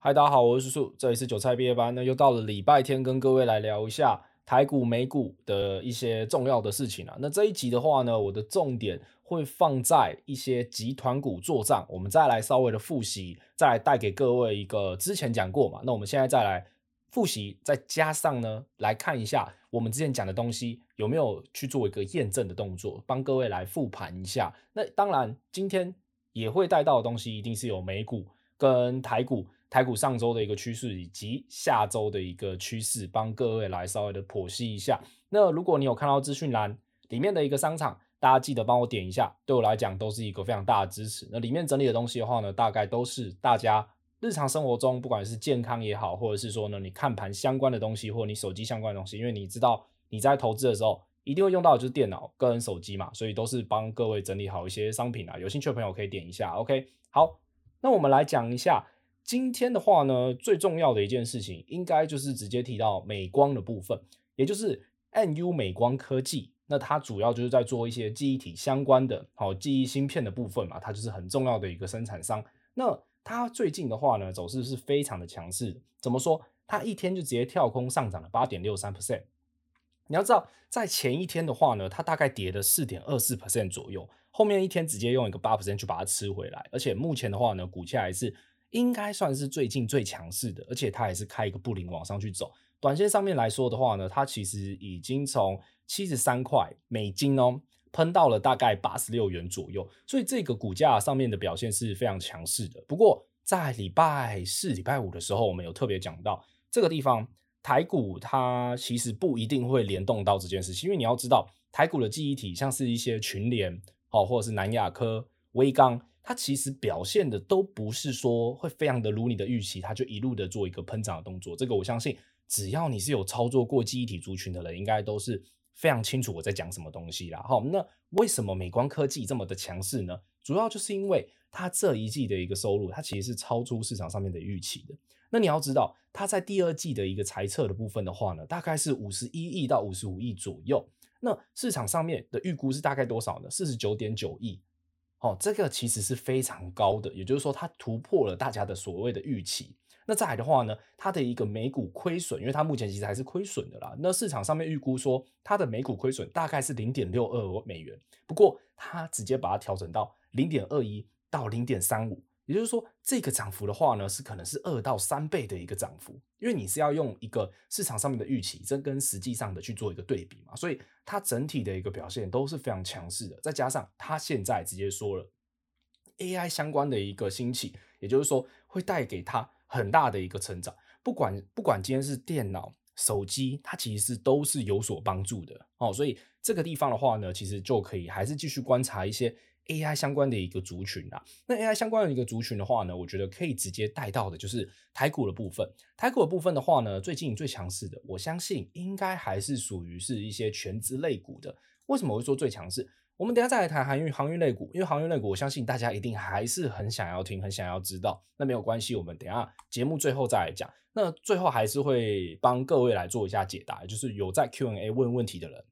嗨，大家好，我是叔叔，這裡是韭菜畢業班呢，又到了禮拜天，跟各位來聊一下台股、美股的一些重要的事情啊。那這一集的話呢，我的重點會放在一些集團股作帳，我們再來稍微的複習，再來帶給各位一個之前講過嘛。那我們現在再來複習，再加上呢，來看一下我們之前講的東西有沒有去做一個驗證的動作，幫各位來複盤一下。那當然，今天也會帶到的東西一定是有美股跟台股。台股上週的一個趨勢以及下週的一個趨勢，幫各位來稍微的剖析一下。那如果你有看到資訊欄裡面的一個商場，大家記得幫我點一下，對我來講都是一個非常大的支持。那裡面整理的東西的話呢，大概都是大家日常生活中，不管是健康也好，或者是說呢你看盤相關的東西，或者你手機相關的東西，因為你知道你在投資的時候一定會用到的就是電腦跟手機嘛，所以都是幫各位整理好一些商品啊。有興趣的朋友可以點一下。OK，好，那我們來講一下。今天的話呢，最重要的一件事情，應該就是直接提到美光的部分，也就是 MU 美光科技。那它主要就是在做一些記憶體相關的，好、哦、記憶芯片的部分嘛，它就是很重要的一個生產商。那它最近的話呢，走勢是非常的強勢。怎麼說？它一天就直接跳空上漲了八點六三 percent。你要知道，在前一天的話呢，它大概跌了四點二四 percent 左右，後面一天直接用一個八 percent 去把它吃回來，而且目前的話呢，股價還是。應該算是最近最強勢的，而且它也是開一個布林往上去走。短線上面來說的話呢，它其實已經從七十三塊美金哦、喔，噴到了大概八十六元左右，所以這個股價上面的表現是非常強勢的。不過在禮拜四、禮拜五的時候，我們有特別講到這個地方，台股它其實不一定會聯動到這件事情，因為你要知道台股的記憶體，像是一些群聯好、喔，或者是南亞科、威剛。它其實表現的都不是說會非常的如你的預期，它就一路的做一個噴漲的動作。這個我相信，只要你是有操作過記憶體族群的人，應該都是非常清楚我在講什麼東西啦。好，哦，那為什麼美光科技這麼的強勢呢？主要就是因為它這一季的一個收入，它其實是超出市場上面的預期的。那你要知道，它在第二季的一個財測的部分的話呢，大概是五十一億到五十五億左右。那市場上面的預估是大概多少呢？四十九點九億。哦，這個其實是非常高的，也就是說它突破了大家的所謂的預期。那再來的話呢，它的一個每股虧損，因為它目前其實還是虧損的啦。那市場上面預估說它的每股虧損大概是零點六二美元，不過它直接把它調整到零點二一到零點三五。也就是說，這個漲幅的話呢，是可能是二到三倍的一個漲幅，因為你是要用一個市場上面的預期，這跟實際上的去做一個對比嘛，所以它整體的一個表現都是非常強勢的。再加上它現在直接說了 AI 相關的一個興起，也就是說會帶給它很大的一個成長，不管不管今天是電腦、手機，它其實都是有所幫助的哦。所以這個地方的話呢，其實就可以還是繼續觀察一些。AI 相關的一個族群啊，那 AI 相關的一個族群的話呢，我覺得可以直接帶到的就是台股的部分。台股的部分的話呢，最近最強勢的，我相信應該還是屬於是一些全資類股的。為什麼我會說最強勢？我們等一下再來談航運、航運類股，因為航運類股，我相信大家一定還是很想要聽，很想要知道。那沒有關係，我們等一下節目最後再來講。那最後還是會幫各位來做一下解答，就是有在 Q&A 問問題的人。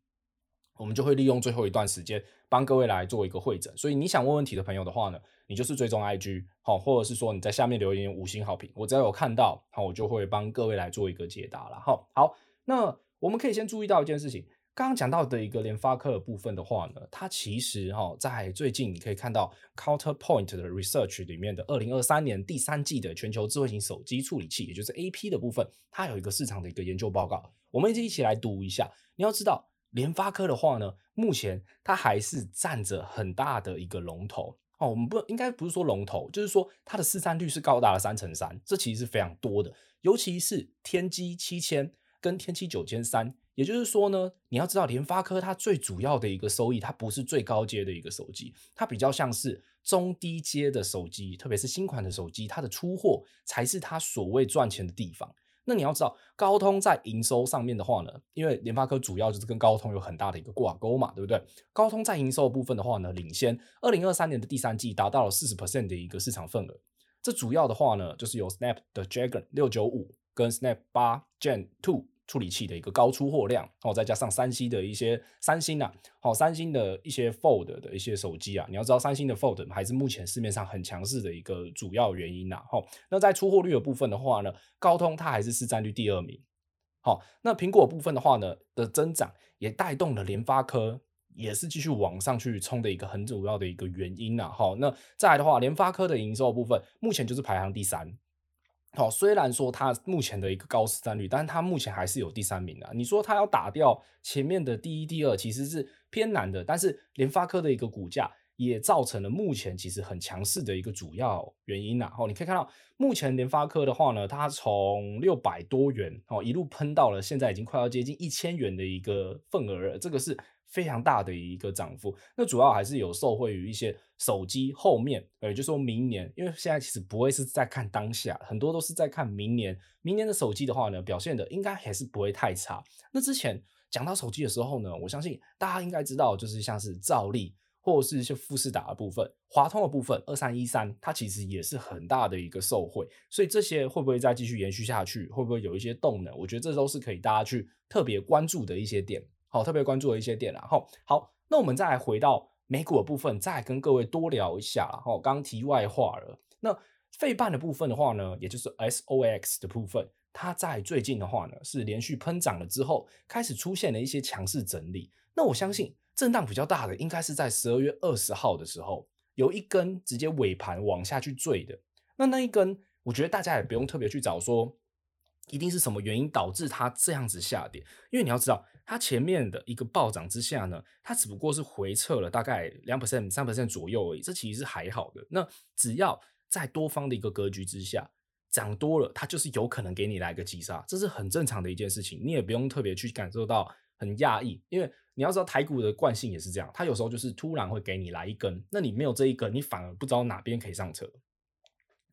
我們就會利用最後一段時間幫各位來做一個會診，所以你想問問題的朋友的話呢，你就是追蹤 IG 好，或者是說你在下面留言五星好評，我只要有看到好，我就會幫各位來做一個解答了。好，好，那我們可以先注意到一件事情，剛剛講到的一個聯發科的部分的話呢，它其實哈在最近你可以看到 Counterpoint 的 research 裡面的二零二三年第三季的全球智慧型手機處理器，也就是 AP 的部分，它有一個市場的一個研究報告，我們一起一起來讀一下。你要知道。聯發科的話呢，目前它還是佔着很大的一個龍頭哦。我們不應該不是說龍頭，就是說它的市佔率是高達了三成三，這其實是非常多的。尤其是天璣七千跟天璣九千三，也就是說呢，你要知道聯發科它最主要的一個收益，它不是最高階的一個手機，它比較像是中低階的手機，特別是新款的手機，它的出貨才是它所謂賺錢的地方。那你要知道，高通在營收上面的話呢，因為聯發科主要就是跟高通有很大的一個掛鈎嘛，對不對？高通在營收部分的話呢，領先二零二三年的第三季達到了四十 percent 的一個市場份額。這主要的話呢，就是由 Snapdragon 六九五跟 Snap 八 Gen Two。處理器的一個高出貨量，好、哦，再加上三星的一些三星吶、啊，好、哦，三星的一些 Fold 的一些手機啊，你要知道三星的 Fold 還是目前市面上很強勢的一個主要原因吶、啊，好、哦，那在出貨率的部分的話呢，高通它還是市佔率第二名，好、哦，那蘋果的部分的話呢的增長也帶動了聯發科也是繼續往上去衝的一個很主要的一個原因吶、啊，好、哦，那再來的話，聯發科的營收的部分目前就是排行第三。好，雖然說它目前的一個高市占率，但是它目前還是有第三名的。你說它要打掉前面的第一、第二，其實是偏難的。但是聯發科的一個股價也造成了目前其實很強勢的一個主要原因啦。哦，你可以看到目前聯發科的話呢，它從六百多元哦一路噴到了現在已經快要接近一千元的一個份額了，這個是。非常大的一個漲幅，那主要還是有受惠於一些手機後面，呃，就說明年，因為現在其實不會是在看當下，很多都是在看明年，明年的手機的話呢，表現的應該還是不會太差。那之前講到手機的時候呢，我相信大家應該知道，就是像是兆利或者是一些富士達的部分、華通的部分、二三一三，它其實也是很大的一個受惠，所以這些會不會再繼續延續下去，會不會有一些動能？我覺得這都是可以大家去特別關注的一些點。好，特別關注的一些點，啊，然後好，那我們再來回到美股的部分，再來跟各位多聊一下。然後剛題外話了，那費半的部分的話呢，也就是 S O X 的部分，它在最近的話呢是連續噴漲了之後，開始出現了一些強勢整理。那我相信震盪比較大的，應該是在十二月二十號的時候，有一根直接尾盤往下去墜的。那那一根，我覺得大家也不用特別去找說，一定是什麼原因導致它這樣子下跌，因為你要知道。它前面的一個暴漲之下呢，它只不過是回撤了大概兩 percent、三 percent 左右而已，這其實是還好的。那只要在多方的一個格局之下，漲多了，它就是有可能給你來個急剎，這是很正常的一件事情，你也不用特別去感受到很壓抑，因為你要知道台股的慣性也是這樣，它有時候就是突然會給你來一根，那你沒有這一根，你反而不知道哪邊可以上車，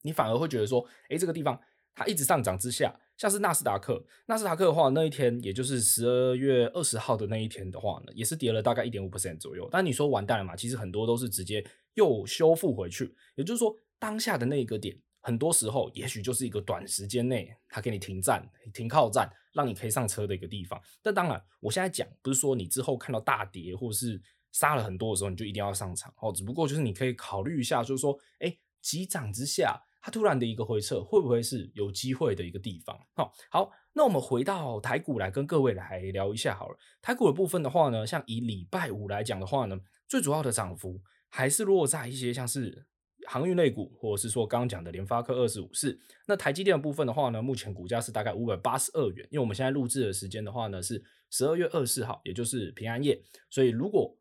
你反而會覺得說，哎，這個地方它一直上漲之下。像是納斯達克，納斯達克的話，那一天也就是十二月二十號的那一天的話呢，也是跌了大概一點五%左右。但你說完蛋了嘛？其實很多都是直接又修復回去。也就是說，當下的那個點，很多時候也許就是一個短時間內它給你停站、停靠站，讓你可以上車的一個地方。但當然，我現在講不是說你之後看到大跌或者是殺了很多的時候你就一定要上場哦，只不過就是你可以考慮一下，就是說，哎、欸，急漲之下。它突然的一個回撤，會不會是有機會的一個地方？好、哦，好，那我們回到台股來跟各位來聊一下好了。台股的部分的話呢，像以禮拜五來講的話呢，最主要的漲幅還是落在一些像是航運類股，或者是說剛剛講的聯發科2454。那台積電的部分的話呢，目前股價是大概五百八十二元，因為我們現在錄製的時間的話呢是十二月二十四號，也就是平安夜，所以如果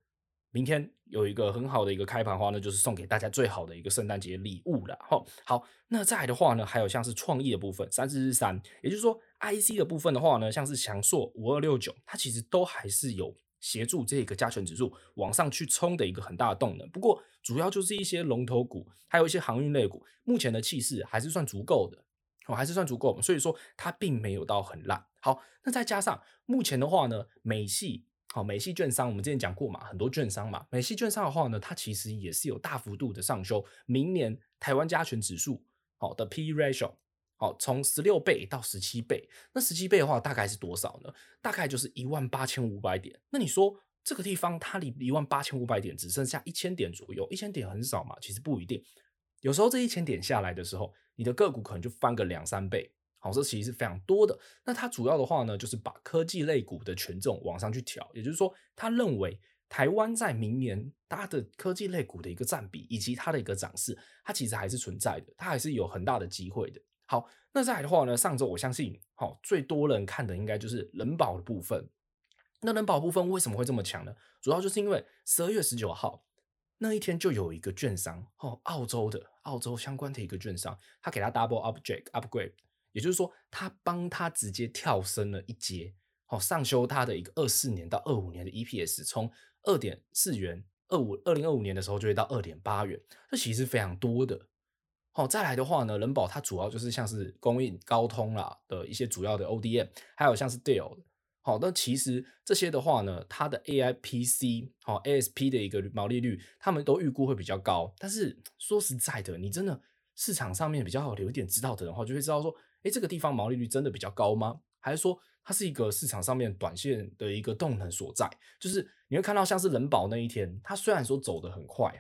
明天有一個很好的一個開盤的話，那就是送給大家最好的一個聖誕節禮物了。好，好，那再的話呢，還有像是創意的部分，三四三，也就是說 IC 的部分的話呢，像是祥碩五二六九，它其實都還是有協助這個加權指數往上去衝的一個很大的動能。不過主要就是一些龍頭股，還有一些航運類股，目前的氣勢還是算足夠的，哦，還是算足夠，所以說它並沒有到很爛。好，那再加上目前的話呢，美系。好，美系券商我們之前講過嘛，很多券商嘛，美系券商的話呢，它其實也是有大幅度的上修。明年台灣加權指數好的 P/E ratio，好從十六倍到十七倍，那十七倍的話大概是多少呢？大概就是一萬八千五百點。那你說這個地方它離一萬八千五百點只剩下一千點左右，一千點很少嘛，其實不一定，有時候這一千點下來的時候，你的個股可能就翻個兩三倍。好，這其實是非常多的。那它主要的話呢，就是把科技類股的權重往上去調，也就是說，他認為台灣在明年它的科技類股的一個占比以及它的一個漲勢，它其實還是存在的，它還是有很大的機會的。好，那再來的話呢，上周我相信，好、哦，最多人看的應該就是人保的部分。那人保部分為什麼會這麼強呢？主要就是因為十二月十九號那一天就有一個券商哦，澳洲的澳洲相關的一個券商，他給他 double object upgrade。也就是說，他幫他直接跳升了一階，好、哦，上修他的一個二四年到二五年的 EPS，從二點四元，二五二零二五年的時候就會到二點八元，這其實是非常多的。好、哦，再來的話呢，人保它主要就是像是供應高通啦的一些主要的 ODM，還有像是戴爾、哦，好，那其實這些的話呢，它的 AIPC、哦、ASP 的一個毛利率，他們都預估會比較高。但是說實在的，你真的市場上面比較有點知道的人，話，就會知道說。哎，這個地方毛利率真的比較高嗎？還是說它是一個市場上面短線的一個動能所在？就是你會看到像是人保那一天，它雖然說走得很快，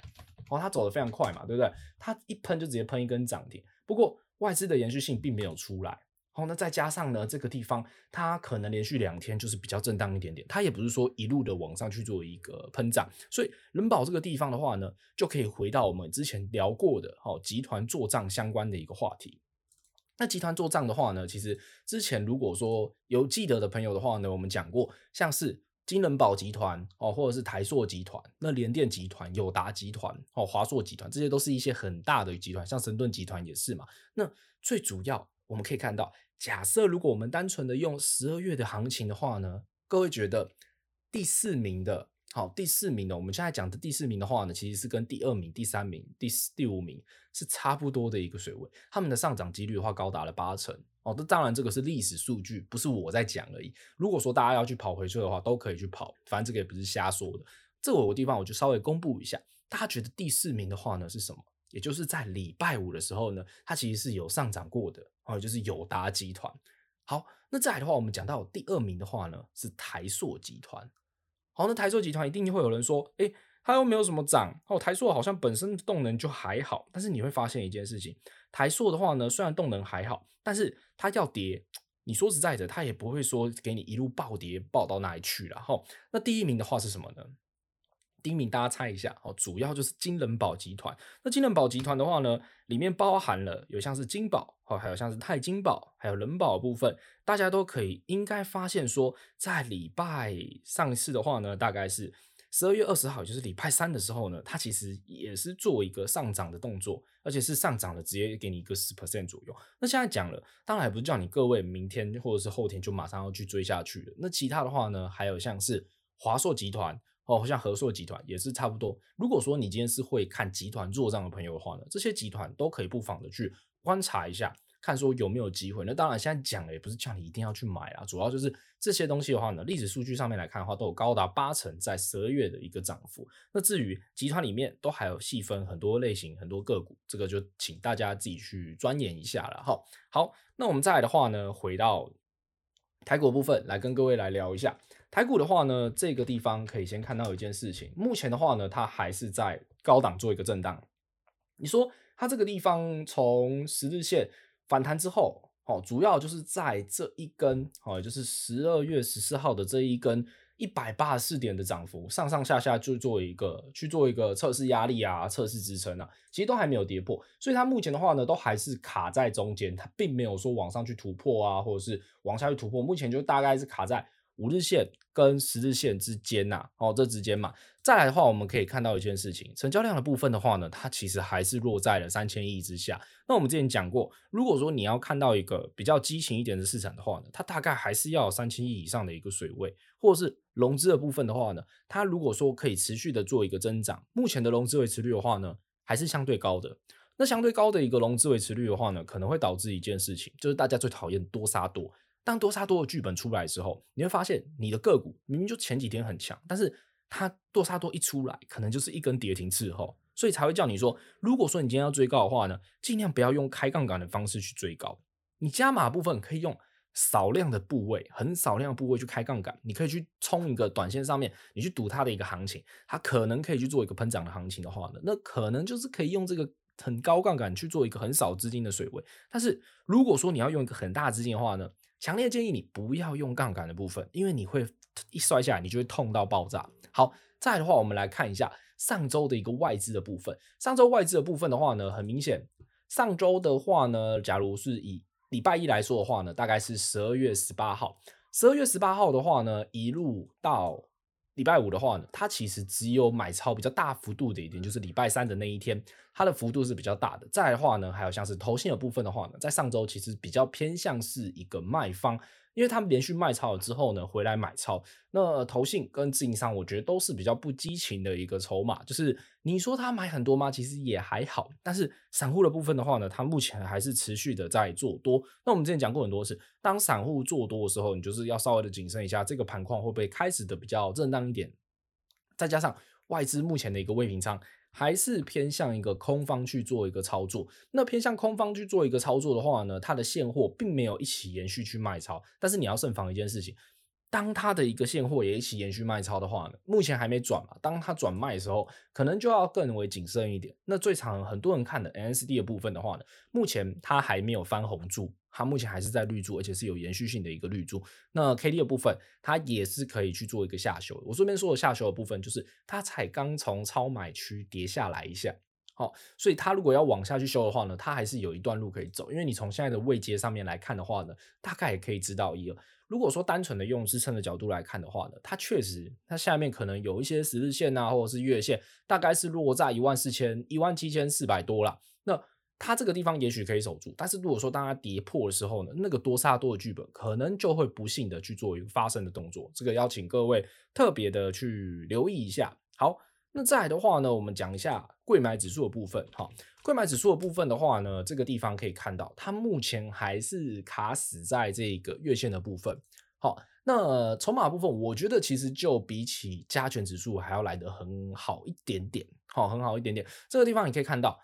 哦，它走得非常快嘛，對不對？它一噴就直接噴一根漲停。不過外資的延續性並沒有出來。好、哦，那再加上呢，這個地方它可能連續兩天就是比較震盪一點點，它也不是說一路的往上去做一個噴漲。所以人保這個地方的話呢，就可以回到我們之前聊過的，好、哦，集團作帳相關的一個話題。那集團做賬的話呢，其實之前如果說有記得的朋友的話呢，我們講過，像是金仁寶集團哦，或者是台塑集團、那聯電集團、友達集團哦、華碩集團，這些都是一些很大的集團，像神盾集團也是嘛。那最主要我們可以看到，假設如果我們單純的用十二月的行情的話呢，各位覺得第四名的？好，第四名呢，我們現在講的第四名的話呢，其實是跟第二名、第三名、第四、第五名是差不多的一個水位，他們的上漲幾率的話，高達了八成。哦，這當然這個是歷史數據，不是我在講而已。如果說大家要去跑回去的話，都可以去跑，反正這個也不是瞎說的。這有個地方，我就稍微公布一下，大家覺得第四名的話呢是什麼？也就是在禮拜五的時候呢，它其實是有上漲過的，哦，就是友達集團。好，那再來的話，我們講到第二名的話呢，是台塑集團。好，哦，那台塑集團一定會有人說，哎，欸，它又沒有什麼漲，哦，台塑好像本身動能就還好。但是你會發現一件事情，台塑的話呢，雖然動能還好，但是它要跌，你說實在的，它也不會說給你一路暴跌爆到哪裡去了。哈，哦，那第一名的話是什麼呢？第一名大家猜一下，哦，主要就是金仁寶集團。那金仁寶集團的話呢，裡面包含了有像是金寶。還有像是泰金寶，還有仁寶的部分，大家都可以應該發現說，在禮拜上市的話呢，大概是十二月二十號，就是禮拜三的時候呢，它其實也是做一個上漲的動作，而且是上漲了，直接給你一個十 percent 左右。那現在講了，當然不是叫你各位明天或者是後天就馬上要去追下去了。那其他的話呢，還有像是華碩集團，哦，像和碩集團也是差不多。如果說你今天是會看集團作帳的朋友的話呢，這些集團都可以不妨的去觀察一下。看說有沒有機會？那當然，現在講也不是叫你一定要去買啦，主要就是這些東西的話呢，歷史數據上面來看的話，都有高達八成在十二月的一個漲幅。那至於集團裡面都還有細分很多類型很多個股，這個就請大家自己去鑽研一下了。哈，好，好，那我們再來的話呢，回到台股部分來跟各位來聊一下台股的話呢，這個地方可以先看到一件事情，目前的話呢，它還是在高檔做一個震盪。你說它這個地方從十日線。反彈之後，哦，主要就是在這一根，哦，就是十二月十四號的這一根一百八十四點的漲幅，上上下下就做一個去做一個測試壓力啊，測試支撐啊，其實都還沒有跌破，所以它目前的話呢，都還是卡在中間，它並沒有說往上去突破啊，或者是往下去突破，目前就大概是卡在。五日線跟十日線之間吶、啊，哦，這之間嘛，再來的話，我們可以看到一件事情，成交量的部分的話呢，它其實還是落在了三千億之下。那我們之前講過，如果說你要看到一個比較激情一點的市場的話呢，它大概還是要有三千億以上的一個水位，或者是融資的部分的話呢，它如果說可以持續的做一個增長。目前的融資維持率的話呢，還是相對高的。那相對高的一個融資維持率的話呢，可能會導致一件事情，就是大家最討厭多殺多。當多殺多的劇本出來之後，你會發現你的個股明明就前幾天很強，但是它多殺多一出來，可能就是一根跌停伺候，所以才會叫你說，如果說你今天要追高的話呢，儘量不要用開槓桿的方式去追高。你加碼部分可以用少量的部位，很少量的部位去開槓桿，你可以去衝一個短線上面，你去賭它的一個行情，它可能可以去做一個噴漲的行情的話呢，那可能就是可以用這個很高槓桿去做一個很少資金的水位。但是如果說你要用一個很大資金的話呢，強烈建議你不要用槓桿的部分，因為你會一摔下來，你就會痛到爆炸。好，再來的話，我們來看一下上周的一個外資的部分。上周外資的部分的話呢，很明顯，上周的話呢，假如是以禮拜一來說的話呢，大概是十二月十八號。十二月十八號的話呢，一路到禮拜五的話呢，它其實只有買超比較大幅度的一點，就是禮拜三的那一天，它的幅度是比較大的。再來的話呢，還有像是投信的部分的話呢，在上周其實比較偏向是一個賣方。因為他們連續賣超了之後呢，回來買超。那投信跟自營商，我覺得都是比較不激情的一個籌碼。就是你說他買很多嗎？其實也還好。但是散戶的部分的話呢，他目前還是持續的在做多。那我們之前講過很多次，當散戶做多的時候，你就是要稍微的謹慎一下，這個盤況會不會開始的比較震盪一點？再加上外資目前的一個未平倉。還是偏向一個空方去做一個操作，那偏向空方去做一個操作的話呢，它的現貨並沒有一起延續去賣超，但是你要慎防一件事情。當它的一個現貨也一起延續賣超的話呢，目前還沒轉嘛。當它轉賣的時候，可能就要更為謹慎一點。那最常很多人看的 N S D 的部分的話呢，目前它還沒有翻紅柱，它目前還是在綠柱，而且是有延續性的一個綠柱。那 K D 的部分，它也是可以去做一個下修。我這邊說的下修的部分，就是它才剛從超買區跌下來一下，好，所以它如果要往下去修的話呢，它還是有一段路可以走。因為你從現在的位階上面來看的話呢，大概也可以知道一個。如果說單純的用支撐的角度來看的話呢，它確實，它下面可能有一些十日線啊，或者是月線，大概是落在一萬四千、一萬七千四百多啦，那它這個地方也許可以守住，但是如果說當它跌破的時候呢，那個多殺多的劇本可能就會不幸的去做一個發生的動作，這個要請各位特別的去留意一下。好。那再來的話呢，我們講一下櫃買指數的部分哈。櫃買指數的部分的話呢，這個地方可以看到，它目前還是卡死在這個月線的部分。好，那籌碼部分，我覺得其實就比起加權指數還要來得很好一點點，好，很好一點點。這個地方你可以看到，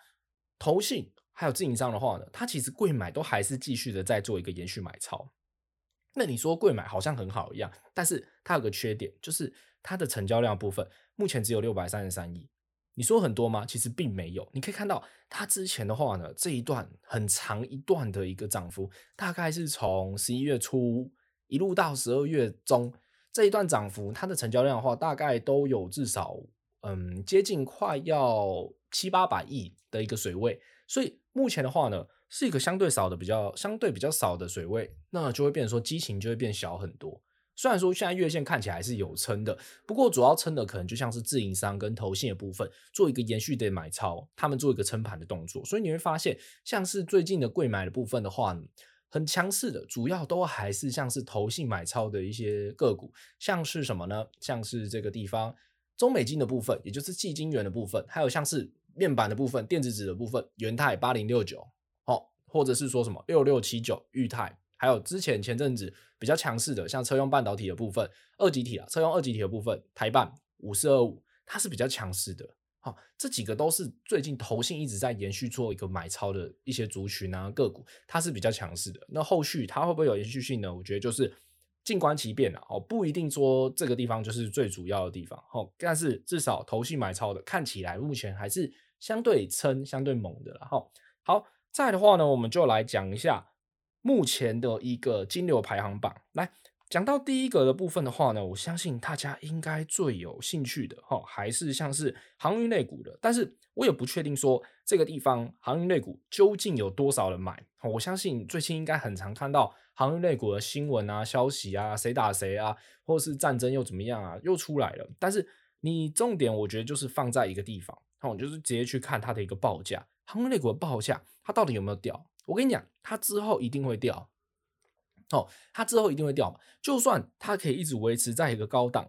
投信還有自營商的話呢，它其實櫃買都還是繼續的在做一個延續買超。那你說櫃買好像很好一樣，但是它有個缺點，就是它的成交量的部分。目前只有六百三十三億，你說很多嗎？其實並沒有。你可以看到，它之前的話呢，這一段很長一段的一個漲幅，大概是從十一月初一路到十二月中，這一段漲幅它的成交量的話，大概都有至少嗯接近快要七八百億的一個水位，所以目前的話呢，是一個相對少的比較相對比較少的水位，那就會變成說激情就會變小很多。雖然說現在月線看起來是有撐的，不過主要撐的可能就像是自營商跟投信的部分做一個延續的買超，他們做一個撐盤的動作，所以你會發現像是最近的櫃買的部分的話呢很強勢的，主要都還是像是投信買超的一些個股，像是什麼呢？像是這個地方中美晶的部分，也就是矽晶圓的部分，還有像是面板的部分、電子紙的部分，元太八零六九，好，或者是說什麼六六七九鈺太。還有之前前陣子比較強勢的，像車用半導體的部分二極體啊，車用二極體的部分台半五四二五，25，它是比較強勢的。好、哦，這幾個都是最近投信一直在延續做一個買超的一些族群啊個股，它是比較強勢的。那後續它會不會有延續性呢？我覺得就是靜觀其變了。哦，不一定說這個地方就是最主要的地方。好、哦，但是至少投信買超的看起來目前還是相對撐，相對猛的了、哦。好，好再的話呢，我們就來講一下。目前的一個金牛排行榜來講到第一個的部分的話呢，我相信大家應該最有興趣的哈，還是像是航運類股的。但是我也不確定說這個地方航運類股究竟有多少人買。我相信最近應該很常看到航運類股的新聞啊、消息啊、誰打誰啊，或是戰爭又怎麼樣啊，又出來了。但是你重點，我覺得就是放在一個地方，那我就是直接去看它的一個報價，航運類股的報價，它到底有沒有掉？我跟你講，它之後一定會掉，哦，它之後一定會掉。就算它可以一直維持在一個高檔，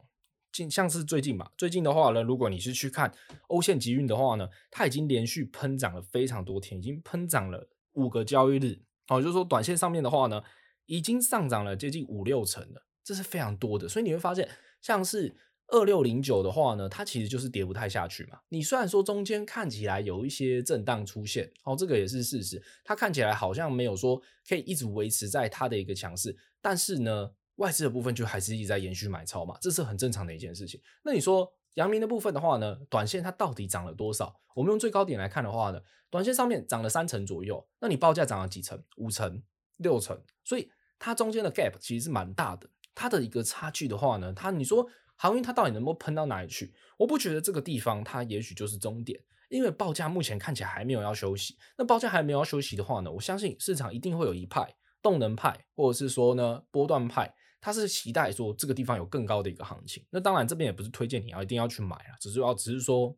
近像是最近嘛，最近的話呢，如果你是去看歐線集運的話呢，它已經連續噴漲了非常多天，已經噴漲了五個交易日，哦，就說短線上面的話呢，已經上漲了接近五六成了，這是非常多的，所以你會發現，像是。二六零九的話呢，它其實就是跌不太下去嘛。你雖然說中間看起來有一些震盪出現，哦，這個也是事實。它看起來好像沒有說可以一直維持在它的一個強勢，但是呢，外資的部分就還是一直在延續買超嘛，這是很正常的一件事情。那你說陽明的部分的話呢，短線它到底漲了多少？我們用最高點來看的話呢，短線上面漲了三成左右。那你報價漲了幾成？五成、六成，所以它中間的 gap 其實是蠻大的。它的一個差距的話呢，它你說。航運它到底能夠噴到哪裡去？我不覺得這個地方它也許就是終點，因為報價目前看起來還沒有要休息。那報價還沒有要休息的話呢，我相信市場一定會有一派動能派，或者是說呢波段派，它是期待說這個地方有更高的一個行情。那當然這邊也不是推薦你要一定要去買啊，只是要只是說，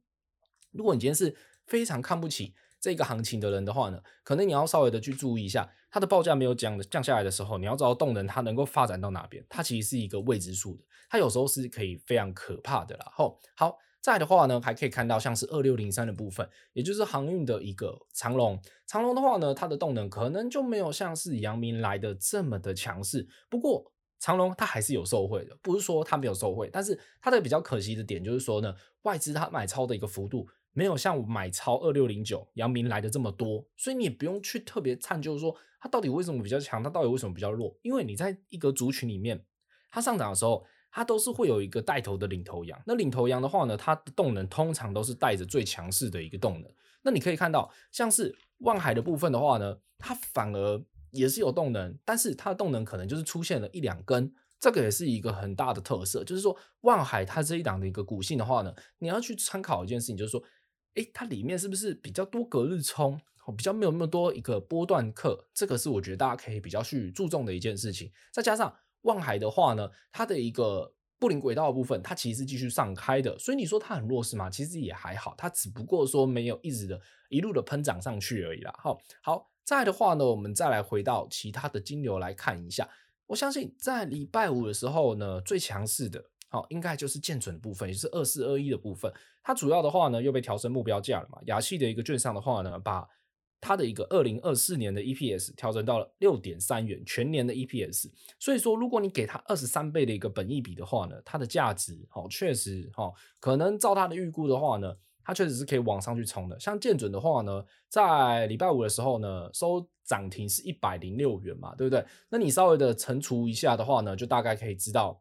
如果你今天是非常看不起。這個行情的人的話呢，可能你要稍微的去注意一下，它的報價沒有降的降下來的時候，你要知道動能它能夠發展到哪邊，它其實是一個未知數的，它有時候是可以非常可怕的啦。吼、哦、好，再的話呢，還可以看到像是二六零三的部分，也就是航運的一個長榮，長榮的話呢，它的動能可能就沒有像是陽明來得這麼的強勢，不過長榮它還是有受惠的，不是說它沒有受惠，但是它的比較可惜的點就是說呢，外資它買超的一個幅度。沒有像我買超二六零九、陽明來的這麼多，所以你也不用去特別探究說它到底為什麼比較強，它到底為什麼比較弱。因為你在一個族群裡面，它上漲的時候，它都是會有一個帶頭的領頭羊。那領頭羊的話呢，它的動能通常都是帶着最強勢的一個動能。那你可以看到，像是萬海的部分的話呢，它反而也是有動能，但是它的動能可能就是出現了一兩根，這個也是一個很大的特色，就是說萬海它這一檔的一個股性的話呢，你要去參考一件事情，就是說。誒，它裡面是不是比較多隔日沖？哦，比較沒有那麼多一個波段客，這個是我覺得大家可以比較去注重的一件事情。再加上萬海的話呢，它的一個布林軌道的部分，它其實是繼續上開的，所以你說它很弱勢嘛，其實也還好，它只不過說沒有一直的一路的噴漲上去而已啦。哦、好，好再的話呢，我們再來回到其他的金流來看一下。我相信在禮拜五的時候呢，最強勢的。好，應該就是建準的部分，也、就是二四二一的部分。它主要的話呢，又被調升目標價了嘛。亞系的一個券商的話呢，把它的一個二零二四年的 EPS 調整到了六點三元，全年的 EPS。所以說，如果你給它二十三倍的一個本益比的話呢，它的價值，好、哦，確實，哈、哦，可能照它的預估的話呢，它確實是可以往上去衝的。像建準的話呢，在禮拜五的時候呢，收漲停是一百零六元嘛，對不對？那你稍微的乘除一下的話呢，就大概可以知道。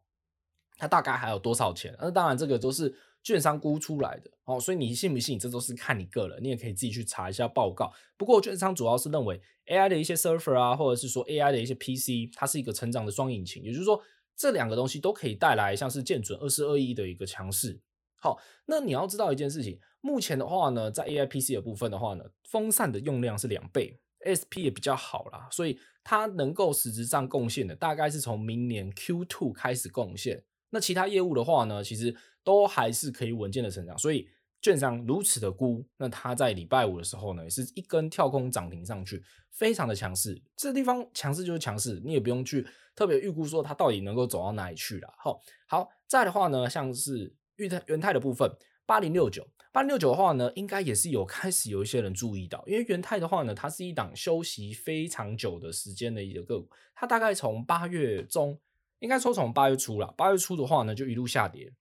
它大概還有多少錢？那當然，這個都是券商估出來的哦。所以你信不信，這都是看你個人。你也可以自己去查一下報告。不過券商主要是認為 AI 的一些 server 啊，或者是說 AI 的一些 PC，它是一個成長的雙引擎。也就是說，這兩個東西都可以帶來像是建準二十二億的一個強勢。好，那你要知道一件事情，目前的話呢，在 AI PC 的部分的話呢，風扇的用量是兩倍，ASP 也比較好啦。所以它能夠實質上貢獻的，大概是從明年 Q2 開始貢獻。那其他業務的話呢，其實都還是可以穩健的成長，所以券商如此的估，那它在禮拜五的時候呢，也是一根跳空漲停上去，非常的強勢。這個地方強勢就是強勢，你也不用去特別預估說它到底能夠走到哪裡去啦。好，再的話呢，像是裕泰、元太的部分，八零六九、八零六九的話呢，應該也是有開始有一些人注意到，因為元太的話呢，它是一檔休息非常久的時間的一個個股，它大概從八月中。應該說從八月初了，八月初的話呢，就一路下跌，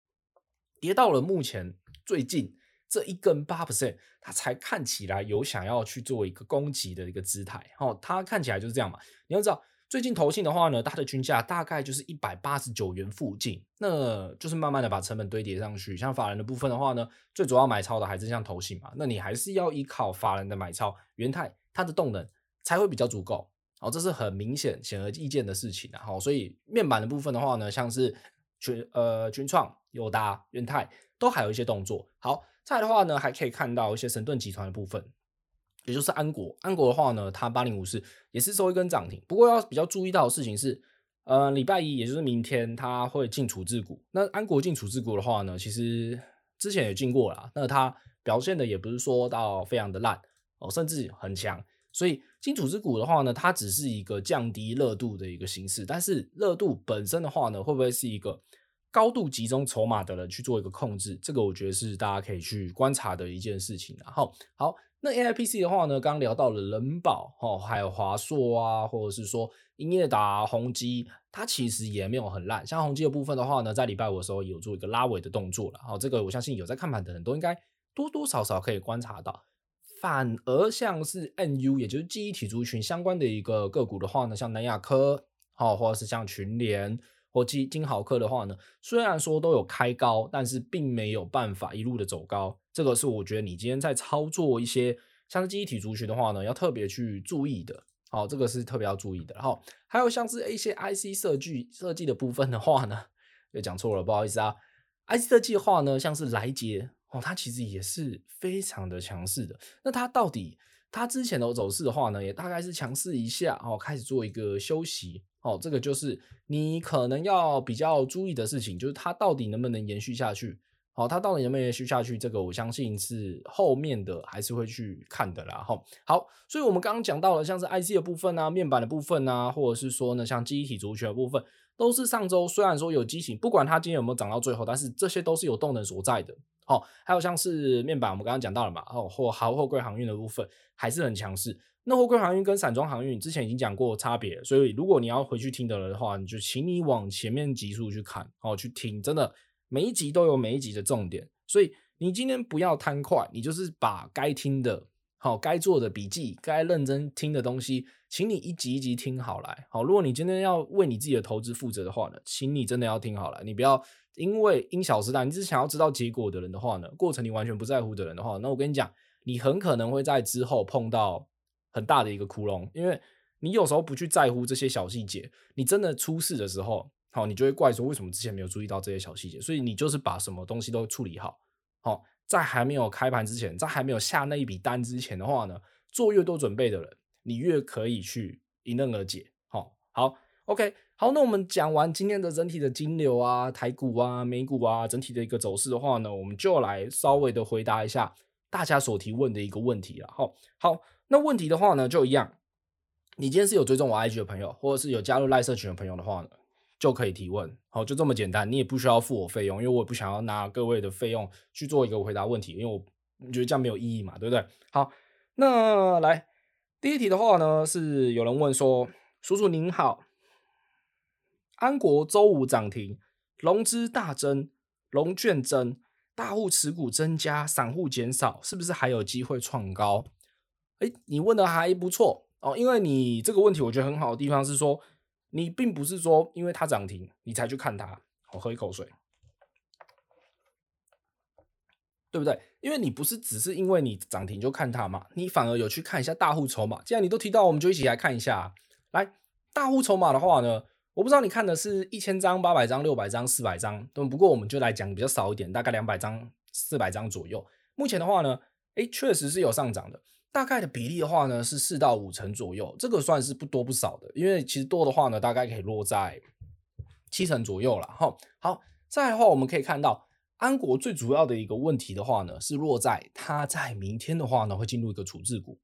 跌到了目前最近這一根八 percent，它才看起來有想要去做一個攻擊的一個姿態。好、哦，它看起來就是這樣嘛。你要知道，最近投信的話呢，它的均價大概就是一百八十九元附近，那就是慢慢的把成本堆疊上去。像法人的部分的話呢，最主要買超的還是像投信嘛，那你還是要依靠法人的買超元太，原它的動能才會比較足夠。哦，這是很明顯、顯而易見的事情，然後，啊，好，所以面板的部分的話呢，像是全，呃，群創、友達、元泰都還有一些動作。好，再的話呢，還可以看到一些神盾集團的部分，也就是安國。安國的話呢，它八零五四也是收一根漲停。不過要比較注意到的事情是，呃，禮拜一也就是明天，它會進處置股。那安國進處置股的話呢，其實之前也進過啦，那它表現的也不是說到非常的爛哦，甚至很強。所以，金主之股的話呢，它只是一個降低熱度的一個形式。但是，熱度本身的話呢，會不會是一個高度集中籌碼的人去做一個控制？這個我覺得是大家可以去觀察的一件事情。然後，好，那 AIPC 的話呢，剛剛聊到了仁寶哦，還有華碩啊，或者是說英業達、宏碁，它其實也沒有很爛。像宏碁的部分的話呢，在禮拜五的時候有做一個拉尾的動作了。好，這個我相信有在看盤的人都應該多多少少可以觀察到。反而像是 NU，也就是記憶體族群相關的一個個股的話呢，像南亞科，好、哦，或者是像群聯或晶豪科的話呢，雖然說都有開高，但是並沒有辦法一路的走高。這個是我覺得你今天在操作一些像是記憶體族群的話呢，要特別去注意的。好、哦，這個是特別要注意的。然後，還有像是一些 IC 設計設計的部分的話呢，又講錯了，不好意思啊。IC 設計的話呢，像是來傑。哦，它其實也是非常的強勢的。那它到底，它之前的走勢的話呢，也大概是強勢一下哦，開始做一個休息。哦，這個就是你可能要比較注意的事情，就是它到底能不能延續下去。哦，它到底能不能延續下去？這個我相信是後面的還是會去看的啦。哈、哦，好，所以我們剛剛講到了像是 IC 的部分啊，面板的部分啊，或者是說呢，像記憶體族群的部分。都是上週，雖然說有激情，不管它今天有沒有漲到最後，但是這些都是有動能所在的。好、哦。還有像是面板，我們剛剛講到了嘛，哦，或好貨櫃航運的部分還是很強勢。那貨櫃航運跟散裝航運之前已經講過差別，所以如果你要回去聽的了的話，你就請你往前面集數去看，哦，去聽，真的每一集都有每一集的重點，所以你今天不要貪快，你就是把該聽的，好、哦，該做的筆記，該認真聽的東西。請你一集一集聽好了，好，如果你今天要為你自己的投資負責的話呢，請你真的要聽好了，你不要因為因小失大。你只是想要知道結果的人的話呢，過程你完全不在乎的人的話，那我跟你講，你很可能會在之後碰到很大的一個窟窿，因為你有時候不去在乎這些小細節，你真的出事的時候，好，你就會怪說為什麼之前沒有注意到這些小細節。所以你就是把什麼東西都處理好，好，在還沒有開盤之前，在還沒有下那一筆單之前的話呢，做越多準備的人。你越可以去迎刃而解，好，好，OK，好，那我們講完今天的整體的金流啊、台股啊、美股啊整體的一個走勢的話呢，我們就來稍微的回答一下大家所提問的一個問題了，好，好，那問題的話呢，就一樣，你今天是有追蹤我 IG 的朋友，或者是有加入賴社群的朋友的話呢，就可以提問，好，就這麼簡單，你也不需要付我費用，因為我也不想要拿各位的費用去做一個回答問題，因為我覺得這樣沒有意義嘛，對不對？好，那來。第一題的話呢，是有人問說：“叔叔您好，安國週五漲停，融資大增，融券增，大戶持股增加，散戶減少，是不是還有機會創高？”哎、欸，你問的還不錯哦，因為你這個問題我覺得很好的地方是說，你並不是說因為它漲停你才去看它。我喝一口水。對不對？因為你不是只是因為你漲停就看它嘛，你反而有去看一下大戶籌碼。既然你都提到，我們就一起來看一下啊。來，大戶籌碼的話呢，我不知道你看的是一千張、八百張、六百張、四百張對，不過我們就來講比較少一點，大概兩百張、四百張左右。目前的話呢，哎，確實是有上漲的，大概的比例的話呢是四到五成左右，這個算是不多不少的，因為其實多的話呢，大概可以落在七成左右了。好，好，再來的話我們可以看到。安國最主要的一個問題的話呢，是落在它在明天的話呢，會進入一個處置股。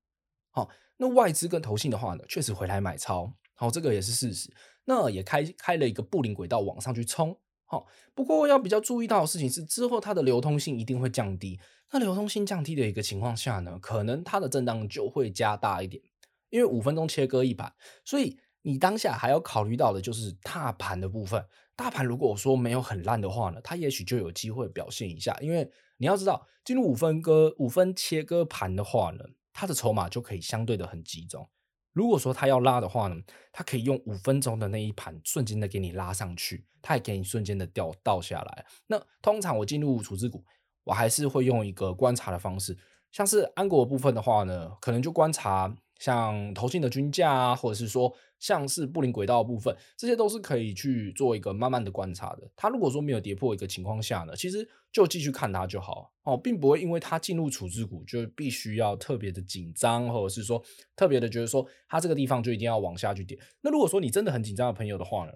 好、哦，那外資跟投信的話呢，確實回來買超，好、哦，這個也是事實。那也開開了一個布林軌道往上去衝，好、哦，不過要比較注意到的事情是，之後它的流通性一定會降低。那流通性降低的一個情況下呢，可能它的震盪就會加大一點，因為五分鐘切割一盤，所以你當下還要考慮到的就是踏盤的部分。大盤如果我說沒有很爛的話呢，它也許就有機會表現一下。因為你要知道，進入五分割、五分切割盤的話呢，它的籌碼就可以相對的很集中。如果說它要拉的話呢，它可以用五分鐘的那一盤瞬間的給你拉上去，它也給你瞬間的掉倒下來。那通常我進入處置股，我還是會用一個觀察的方式，像是安國的部分的話呢，可能就觀察。像投信的均價啊，或者是說像是布林軌道的部分，這些都是可以去做一個慢慢的觀察的。它如果說沒有跌破一個情況下呢，其實就繼續看它就好哦，並不會因為它進入處置股就必須要特別的緊張，或者是說特別的覺得說它這個地方就一定要往下去跌。那如果說你真的很緊張的朋友的話呢？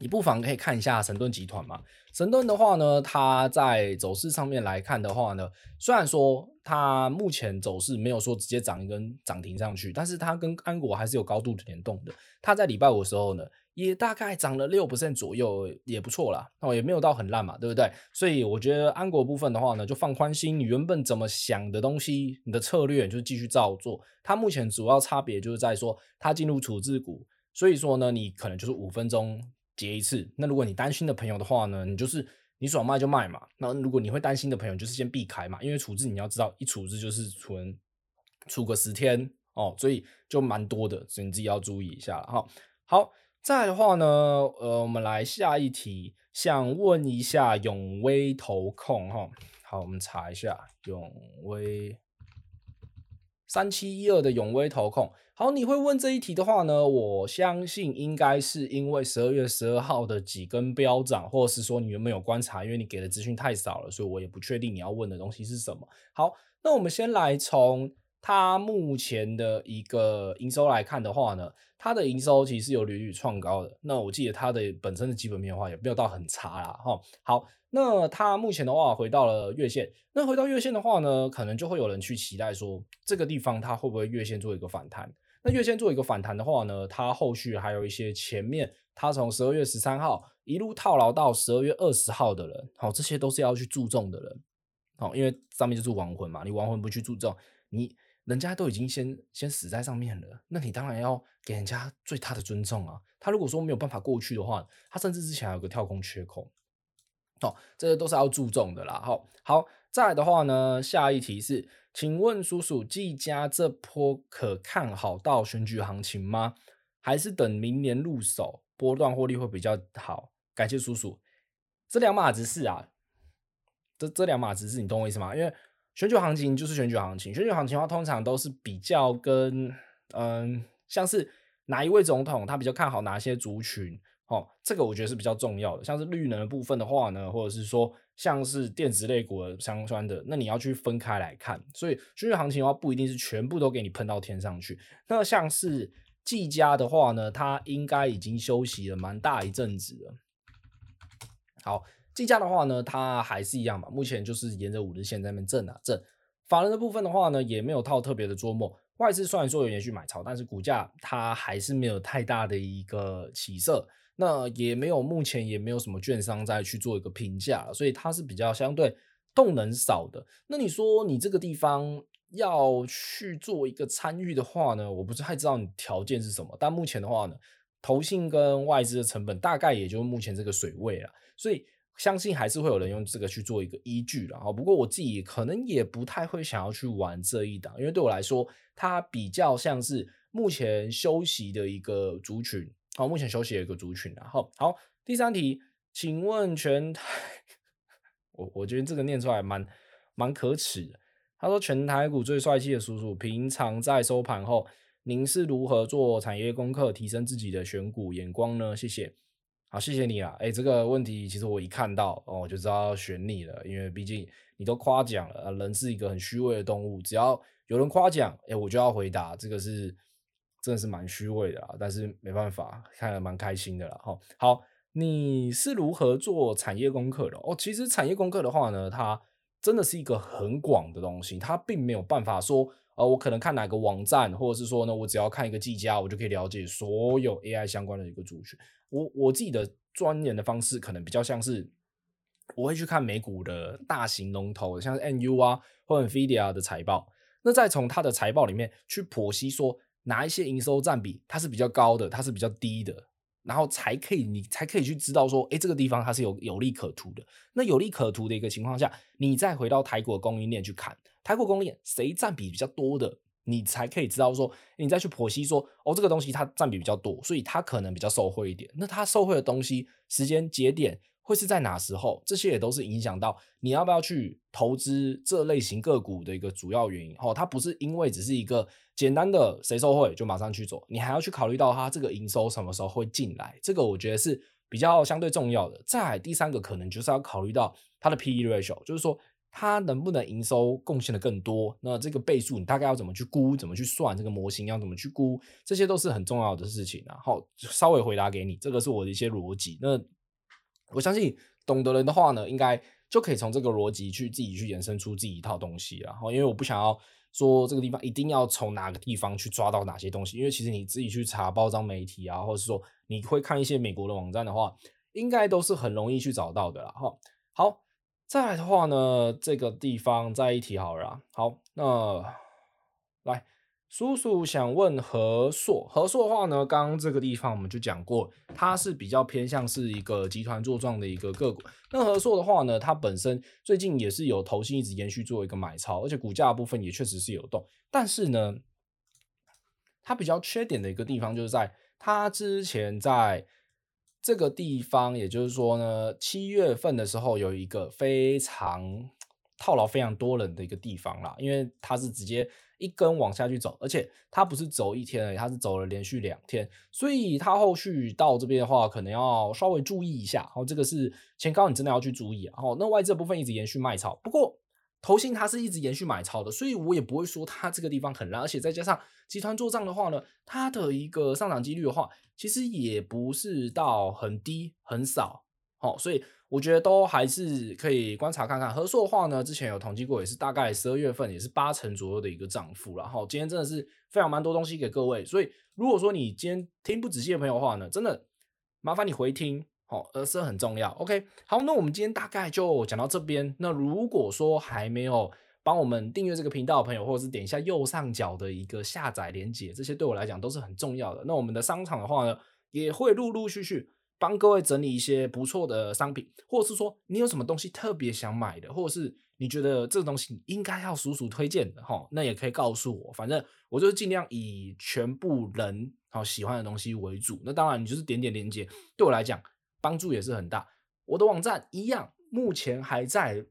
你不妨可以看一下神盾集團嘛。神盾的話呢，它在走勢上面來看的話呢，雖然說它目前走勢沒有說直接漲一根漲停上去，但是它跟安國還是有高度聯動的。它在禮拜五的時候呢，也大概漲了6%左右，也不錯啦哦，也沒有到很爛嘛，對不對？所以我覺得安國的部分的話呢，就放寬心，你原本怎麼想的東西，你的策略就是繼續照做。它目前主要差別就是在說它進入處置股，所以說呢，你可能就是五分鐘，結一次，那如果你擔心的朋友的話呢，你就是你爽賣就賣嘛。那如果你會擔心的朋友，就是先避開嘛，因為處置你要知道，一處置就是存儲個十天哦，所以就蠻多的，所以你自己要注意一下哈、哦。好，再來的話呢，呃，我們來下一題，想問一下永威投控哈、哦。好，我們查一下永威。三七一二的永威投控，好，你會問這一題的話呢，我相信應該是因為十二月十二號的幾根飆漲，或者是說你有沒有觀察？因為你給的資訊太少了，所以我也不確定你要問的東西是什麼。好，那我們先來從它目前的一個營收來看的話呢，它的營收其實是有屢屢創高的。那我記得它的本身的基本面的話也沒有到很差啦，哈，好。那他目前的話，回到了月線，那回到月線的話呢，可能就會有人去期待說這個地方它會不會月線做一個反彈？那月線做一個反彈的話呢，它後續還有一些前面它從十二月十三號一路套牢到十二月二十號的人，哦，這些都是要去注重的人，哦，因為上面就是亡魂嘛，你亡魂不去注重，你人家都已經先先死在上面了，那你當然要給人家最大的尊重啊。他如果說沒有辦法過去的話，他甚至之前還有個跳空缺口。哦，這些、個、都是要注重的啦。好、哦，好，再來的話呢，下一題是，請問叔叔，技嘉這波可看好到選舉行情嗎？還是等明年入手，波段獲利會比較好？感謝叔叔，這兩碼子事啊，這這兩碼子事，你懂我意思嗎？因為選舉行情就是選舉行情，選舉行情的話，通常都是比較跟，嗯，像是哪一位總統，他比較看好哪些族群。哦，這個我覺得是比較重要的，像是綠能的部分的話呢，或者是說像是電子類股相關的，那你要去分開來看。所以最近行情的話，不一定是全部都給你噴到天上去。那像是技嘉的話呢，它應該已經休息了蠻大一陣子了。好，技嘉的話呢，它還是一樣吧，目前就是沿着五日線在那邊震啊震。法人的部分的話呢，也沒有套特別的捉摸。外資雖然說有延續買超，但是股價它還是沒有太大的一個起色。那也沒有，目前也沒有什麼券商，在去做一個評價，所以它是比較相對動能少的。那你說你這個地方要去做一個參與的話呢？我不是太知道你條件是什麼，但目前的話呢，投信跟外資的成本大概也就目前這個水位啦，所以相信還是會有人用這個去做一個依據啦。哦，不過我自己可能也不太會想要去玩這一檔，因為對我來說，它比較像是目前休息的一個族群。好，目前休息一個族群，然後好,好。第三題，請問全台，我我覺得這個念出來蠻蠻可恥的。他說，全台股最帥氣的叔叔，平常在收盤後，您是如何做產業功課，提升自己的選股眼光呢？謝謝。好，謝謝你啊。哎，這個問題其實我一看到哦，我就知道要選你了，因為畢竟你都誇獎了。人是一個很虛偽的動物，只要有人誇獎，哎，我就要回答。這個是。真的是蠻虛偽的啊，但是沒辦法，看了蠻開心的了哈。好，你是如何做產業功課的哦？其實產業功課的話呢，它真的是一個很廣的東西，它並沒有辦法說，呃，我可能看哪個網站，或者是說呢，我只要看一個技嘉，我就可以了解所有 AI 相關的一個族群。我我自己的鑽研的方式，可能比較像是我會去看美股的大型龍頭，像是 NU 啊，或者 NVIDIA 的財報，那再從它的財報裡面去剖析說。哪一些營收占比，它是比較高的，它是比較低的，然後才可以，你才可以去知道說，哎、欸，這個地方它是有有利可圖的。那有利可圖的一個情況下，你再回到台股供應鏈去看，台股供應鏈誰占比比較多的，你才可以知道說，你再去剖析說，哦，這個東西它占比比較多，所以它可能比較受惠一點。那它受惠的東西時間節點會是在哪時候？這些也都是影響到你要不要去投資這類型個股的一個主要原因。哦，它不是因為只是一個。簡單的，誰收會就馬上去做，你還要去考慮到它這個營收什麼時候會進來，這個我覺得是比較相對重要的。再第三個可能就是要考慮到它的 PE ratio，就是說它能不能營收貢獻的更多，那這個倍數你大概要怎麼去估，怎麼去算這個模型要怎麼去估，這些都是很重要的事情。然後，稍微回答給你，這個是我的一些邏輯。那我相信懂的人的話呢，應該就可以從這個邏輯去自己去延伸出自己一套東西。然後，因為我不想要。說這個地方一定要從哪個地方去抓到哪些東西，因為其實你自己去查報章媒體啊，或者說你會看一些美國的網站的話，應該都是很容易去找到的啦。好，好，再來的話呢，這個地方再一提好了。好，那來。叔叔想問和碩，和碩的話呢？剛剛這個地方我們就講過，它是比較偏向是一個集團作帳的一個個股。那和碩的話呢，它本身最近也是有投信，一直延續做一個買超，而且股價部分也確實是有動。但是呢，它比較缺點的一個地方，就是在它之前在這個地方，也就是說呢，七月份的時候有一個非常套牢、非常多人的一個地方啦，因為它是直接。一根往下去走，而且它不是走一天而已，它是走了連續兩天，所以它後續到這邊的話，可能要稍微注意一下。好、哦，這個是前高你，真的要去注意。哦，那外資部分一直延續賣超，不過投信它是一直延續買超的，所以我也不會說它這個地方很爛，而且再加上集團做賬的話呢，它的一個上漲幾率的話，其實也不是到很低很少。好、哦，所以。我覺得都還是可以觀察看看，合作的話呢，之前有統計過，也是大概十二月份也是八成左右的一個漲幅啦。然後今天真的是非常蠻多東西給各位，所以如果說你今天聽不仔細的朋友的話呢，真的麻煩你回聽，好，這很重要。OK，好，那我們今天大概就講到這邊。那如果說還沒有幫我們訂閱這個頻道的朋友，或者是點一下右上角的一個下載鏈接，這些對我來講都是很重要的。那我們的商場的話呢，也會陸陸續續。幫各位整理一些不錯的商品，或者是說你有什麼東西特別想買的，或者是你覺得這個東西你應該要叔叔推薦的哈、哦，那也可以告訴我，反正我就是盡量以全部人好、哦、喜歡的東西為主。那當然你就是點點連結，對我來講幫助也是很大。我的網站一樣，目前還在，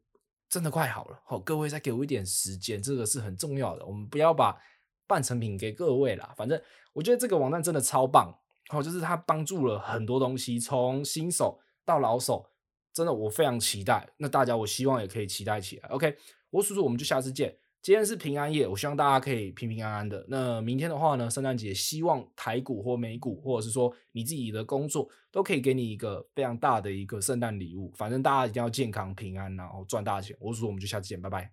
真的快好了。好、哦，各位再給我一點時間，這個是很重要的。我們不要把半成品給各位啦，反正我覺得這個網站真的超棒。好、哦，就是他幫助了很多東西，從新手到老手，真的我非常期待。那大家，我希望也可以期待起來。OK，我叔叔，我們就下次見。今天是平安夜，我希望大家可以平平安安的。那明天的話呢，聖誕節，希望台股或美股，或者是說你自己的工作，都可以給你一個非常大的一個聖誕禮物。反正大家一定要健康平安，然後賺大錢。我叔叔，我們就下次見，拜拜。